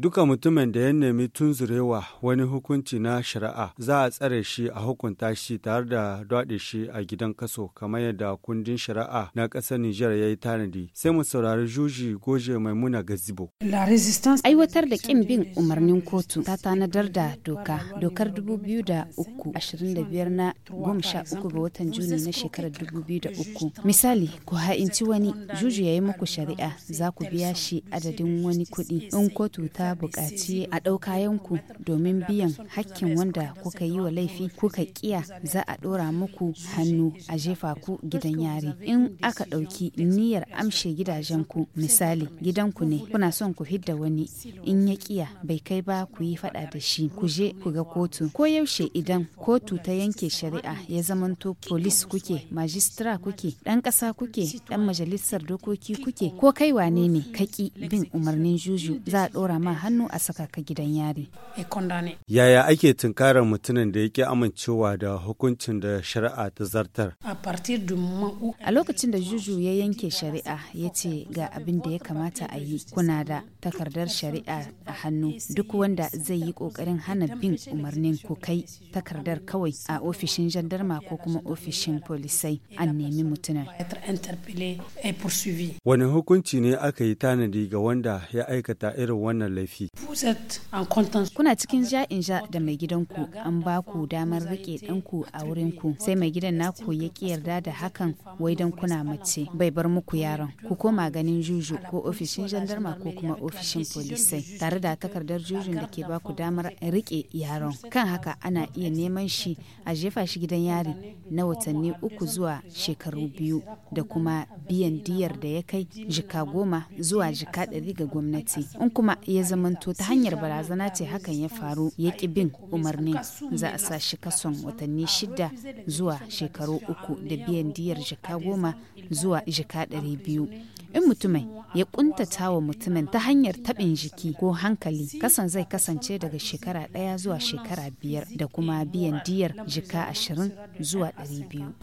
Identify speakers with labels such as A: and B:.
A: Duka mutumin da ya nemi tunzurewa wani hukunci na shari'a za a tsare shi a hukunta shi tare da daɗe shi a gidan kaso kamar yadda kundin shari'a na ƙasar Nijar ya yi tanadi. Sai mu saurari juji goje maimuna gazibo.
B: Aiwatar da ƙin bin umarnin kotu ta tanadar da doka. Dokar 2003 na 13 ga watan Juni na shekarar 2003. Misali, ku ha'inci wani juji ya yi muku shari'a za ku biya shi adadin wani kuɗi in kotu ta kuka buƙaci a ɗauka yanku domin biyan hakkin wanda kuka yi wa laifi kuka kiya za a ɗora muku hannu a jefa ku gidan yari in aka ɗauki niyyar amshe gidajenku misali gidanku ne kuna son ku hidda wani in ya kiya bai kai ba ku yi faɗa da shi ku je ku ga kotu ko yaushe idan kotu ta yanke shari'a ya zamanto polis kuke majistra kuke ɗan ƙasa kuke ɗan majalisar dokoki kuke ko kai wane ne kaki bin umarnin juju za a ɗora ma hannu a saka ka gidan yari.
A: Yaya ake tunkarar mutumin da yake amincewa da hukuncin da shari'a ta zartar?
B: A lokacin da Juju ya yanke shari'a ya ce ga abin da ya kamata a yi kuna da takardar shari'a a hannu duk wanda zai yi kokarin hana bin umarnin ku kai takardar kawai a ofishin jandarma ko kuma ofishin polisai an nemi mutumin.
A: Wani hukunci ne aka yi tanadi ga wanda ya aikata irin wannan laifin?
B: Kuna cikin in ja da mai gidanku an ba ku damar rike ɗanku a wurinku sai mai gidan naku ya ki yarda da hakan wai don kuna mace bai bar muku yaron ku koma ganin juju ko ofishin jandarma ko kuma ofishin polisai tare da takardar jujun da ke ba ku damar rike yaron kan haka ana iya neman shi a jefa shi gidan yari na watanni uku zuwa shekaru biyu da kuma biyan diyar da ya kai jika goma zuwa jika ɗari ga gwamnati in kuma ya zama zamanto ta hanyar barazana ce hakan ya faru ya ki bin umarnin za a sa shi kason watanni shida zuwa shekaru uku da biyan diyar jika goma zuwa jika ɗari biyu in mutumin ya ƙuntata wa mutumin ta hanyar taɓin jiki ko hankali kasan zai kasance daga shekara ɗaya zuwa shekara biyar da kuma biyan diyar jika ashirin zuwa ɗari biyu